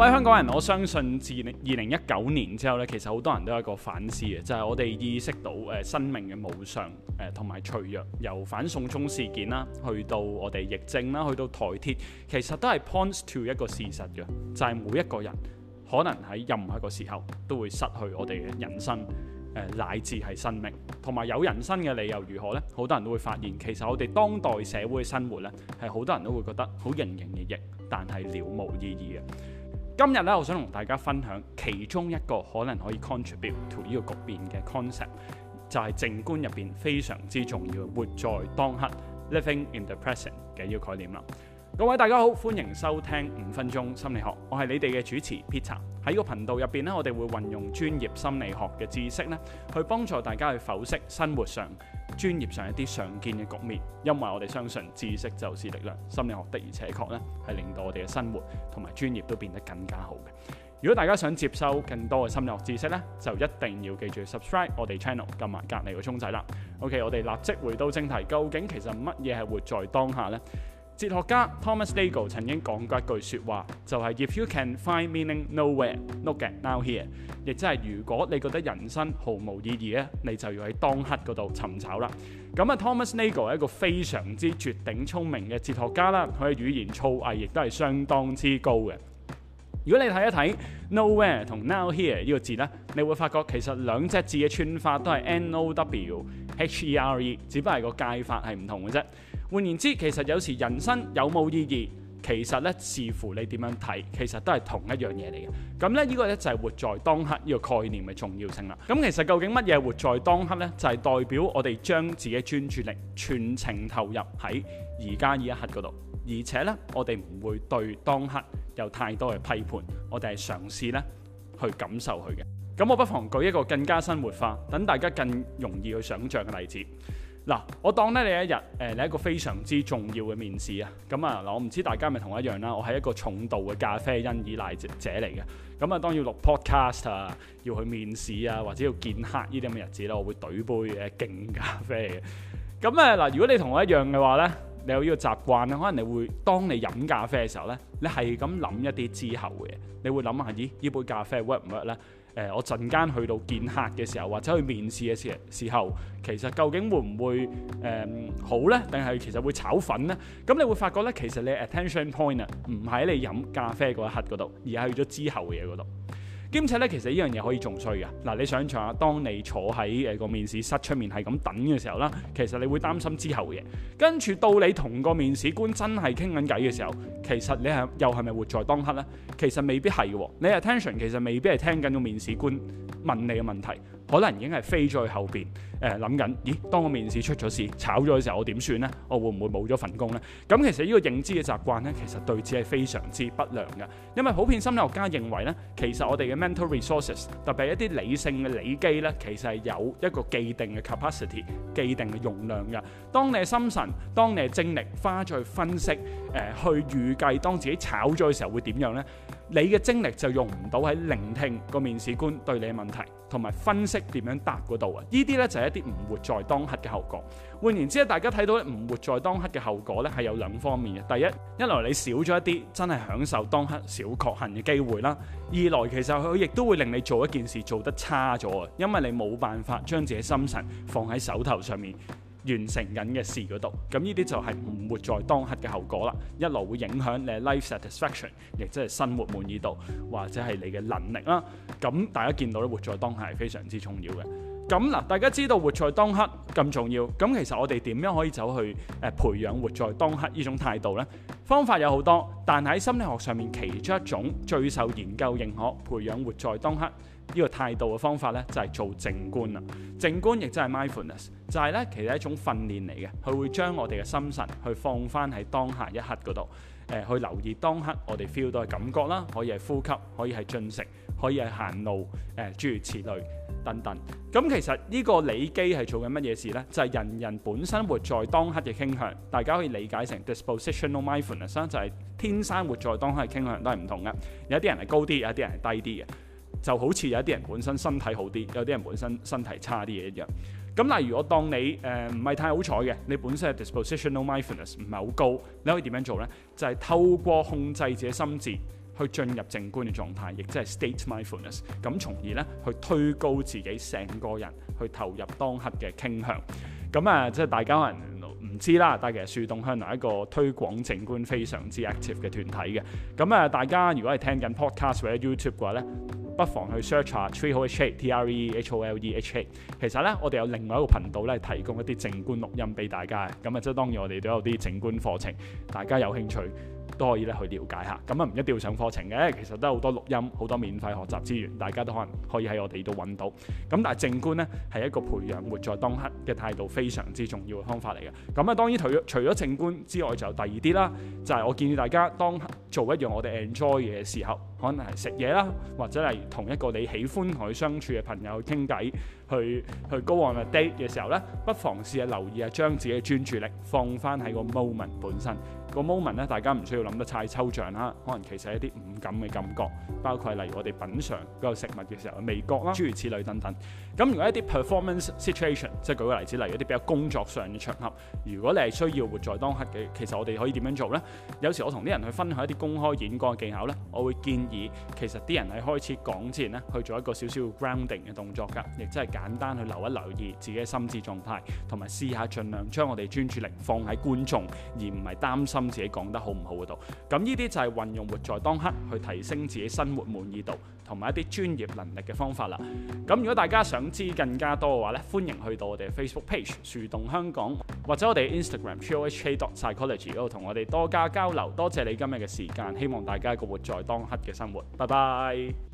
各位香港人，我相信自二零一九年之後咧，其實好多人都有一個反思嘅，就係、是、我哋意識到誒、呃、生命嘅無常誒，同、呃、埋脆弱。由反送中事件啦，去到我哋疫症啦，去到台鐵，其實都係 points to 一個事實嘅，就係、是、每一個人可能喺任何一個時候都會失去我哋嘅人生誒、呃，乃至係生命。同埋有人生嘅理由如何呢？好多人都會發現，其實我哋當代社會嘅生活呢，係好多人都會覺得好營營役役，但係了無意義嘅。今日咧，我想同大家分享其中一個可能可以 contribute to 呢個局面嘅 concept，就係靜觀入邊非常之重要嘅活在當刻 （living in the present） 嘅呢個概念啦。各位大家好，歡迎收聽五分鐘心理學，我係你哋嘅主持 Peter。喺個頻道入邊咧，我哋會運用專業心理學嘅知識咧，去幫助大家去剖析生活上、專業上一啲常見嘅局面，因為我哋相信知識就是力量，心理學的而且確咧係令到我哋嘅生活同埋專業都變得更加好嘅。如果大家想接收更多嘅心理學知識咧，就一定要記住 subscribe 我哋 channel，撳埋隔離個鐘仔啦。OK，我哋立即回到正題，究竟其實乜嘢係活在當下呢？哲學家 Thomas Nagel 曾經講過一句説話，就係 If you can find meaning nowhere, look at now here。亦即係如果你覺得人生毫無意義咧，你就要喺當刻嗰度尋找啦。咁啊，Thomas Nagel 係一個非常之絕頂聰明嘅哲學家啦，佢嘅語言造詣亦都係相當之高嘅。如果你睇一睇 nowhere 同 now here 呢個字咧，你會發覺其實兩隻字嘅串法都係 n o w。H.E.R.E.、E，只不過係個解法係唔同嘅啫。換言之，其實有時人生有冇意義，其實呢視乎你點樣睇，其實都係同一樣嘢嚟嘅。咁呢，呢、這個呢就係活在當刻呢個概念嘅重要性啦。咁、嗯、其實究竟乜嘢活在當刻呢？就係、是、代表我哋將自己專注力全程投入喺而家呢一刻嗰度，而且呢，我哋唔會對當刻有太多嘅批判，我哋係嘗試呢去感受佢嘅。咁我不妨舉一個更加生活化、等大家更容易去想像嘅例子。嗱，我當咧你一日誒、呃，你一個非常之重要嘅面試啊。咁啊，嗱，我唔知大家咪同我一樣啦。我係一個重度嘅咖啡因依賴者嚟嘅。咁啊，當要錄 podcast 啊，要去面試啊，或者要見客呢啲咁嘅日子咧，我會懟杯誒勁、啊、咖啡嘅。咁誒嗱，如果你同我一樣嘅話咧。你有呢個習慣咧，可能你會當你飲咖啡嘅時候咧，你係咁諗一啲之後嘅嘢，你會諗下，咦？呢杯咖啡 work 唔 work 咧？誒、呃，我陣間去到見客嘅時候，或者去面試嘅時時候，其實究竟會唔會誒、呃、好咧？定係其實會炒粉咧？咁你會發覺咧，其實你 attention point 啊，唔喺你飲咖啡嗰一刻嗰度，而係去咗之後嘅嘢嗰度。兼且咧，其實呢樣嘢可以仲衰嘅。嗱，你想象一下，當你坐喺誒個面試室出面係咁等嘅時候啦，其實你會擔心之後嘅。跟住到你同個面試官真係傾緊偈嘅時候，其實你係又係咪活在當刻呢？其實未必係嘅。你 attention 其實未必係聽緊個面試官問你嘅問題。可能已經係飛咗去後邊，誒諗緊，咦？當我面試出咗事，炒咗嘅時候，我點算呢？我會唔會冇咗份工呢？咁其實呢個認知嘅習慣呢，其實對自己係非常之不良嘅。因為普遍心理學家認為呢，其實我哋嘅 mental resources，特別係一啲理性嘅理機呢，其實係有一個既定嘅 capacity、既定嘅容量嘅。當你係心神，當你係精力花在分析，誒、呃、去預計當自己炒咗嘅時候會點樣呢？你嘅精力就用唔到喺聆聽個面試官對你嘅問題同埋分析點樣答嗰度啊！呢啲咧就係一啲唔活在當刻嘅後果。換言之咧，大家睇到唔活在當刻嘅後果咧，係有兩方面嘅。第一，一來，你少咗一啲真係享受當刻小確幸嘅機會啦；二來，其實佢亦都會令你做一件事做得差咗啊，因為你冇辦法將自己心神放喺手頭上面。完成緊嘅事嗰度，咁呢啲就係唔活在當刻嘅後果啦，一路會影響你 life satisfaction，亦即係生活滿意度，或者係你嘅能力啦。咁大家見到咧，活在當刻係非常之重要嘅。咁嗱，大家知道活在當刻咁重要，咁其實我哋點樣可以走去誒培養活在當刻呢種態度呢？方法有好多，但喺心理學上面，其中一種最受研究認可培養活在當刻呢個態度嘅方法呢，就係、是、做靜觀啦。靜觀亦真係 mindfulness，就係呢，其實係一種訓練嚟嘅，佢會將我哋嘅心神去放翻喺當下一刻嗰度。誒、呃、去留意當刻，我哋 feel 到嘅感覺啦，可以係呼吸，可以係進食，可以係行路，誒、呃、諸如此類等等。咁其實呢個理基係做緊乜嘢事呢？就係、係、人人本身活在當刻嘅傾向，大家可以理解成 dispositional mindfulness，就係天生活在當刻嘅傾向都係唔同嘅。有啲人係高啲，有啲人係低啲嘅，就好似有啲人本身身體好啲，有啲人本身身體差啲嘢一樣。咁例如我當你誒唔係太好彩嘅，你本身係 dispositional mindfulness 唔係好高，你可以點樣做呢？就係、是、透過控制自己心智去進入靜觀嘅狀態，亦即係 state mindfulness，咁從而呢，去推高自己成個人去投入當刻嘅傾向。咁、嗯、啊、呃，即係大家可能唔知啦，但其實樹洞向來係一個推廣靜觀非常之 active 嘅團體嘅。咁、嗯、啊、呃，大家如果係聽緊 podcast 或者 YouTube 嘅話呢。不妨去 search 下 tree h o l e h k，其實咧我哋有另外一個頻道咧，提供一啲靜觀錄音俾大家，咁啊即係當然我哋都有啲靜觀課程，大家有興趣都可以咧去了解下，咁啊唔一定要上課程嘅，其實都有好多錄音，好多免費學習資源，大家都可能可以喺我哋度揾到。咁但係靜觀咧係一個培養活在當刻嘅態度，非常之重要嘅方法嚟嘅。咁啊當然除咗除咗靜觀之外，就有第二啲啦，就係我建議大家當做一樣我哋 enjoy 嘅時候。可能係食嘢啦，或者係同一個你喜歡同佢相處嘅朋友傾偈，去去 go on a date 嘅時候咧，不妨試下留意啊，將自己嘅專注力放翻喺個 moment 本身。個 moment 咧，大家唔需要諗得太抽象啦。可能其實係一啲五感嘅感覺，包括例如我哋品嚐個食物嘅時候味覺啦，諸如此類等等。咁如果一啲 performance situation，即係舉個例子，例如一啲比較工作上嘅場合，如果你係需要活在當刻嘅，其實我哋可以點樣做咧？有時我同啲人去分享一啲公開演講嘅技巧咧，我會建議。而其實啲人喺開始講前咧，去做一個少少 grounding 嘅動作㗎，亦即係簡單去留一留意自己嘅心智狀態，同埋試下盡量將我哋專注力放喺觀眾，而唔係擔心自己講得好唔好度。咁呢啲就係運用活在當刻去提升自己生活滿意度同埋一啲專業能力嘅方法啦。咁如果大家想知更加多嘅話咧，歡迎去到我哋 Facebook page 樹洞香港。或者我哋喺 Instagram treeholehk. psychology 度同我哋多加交流，多謝你今日嘅時間，希望大家一個活在當刻嘅生活，拜拜。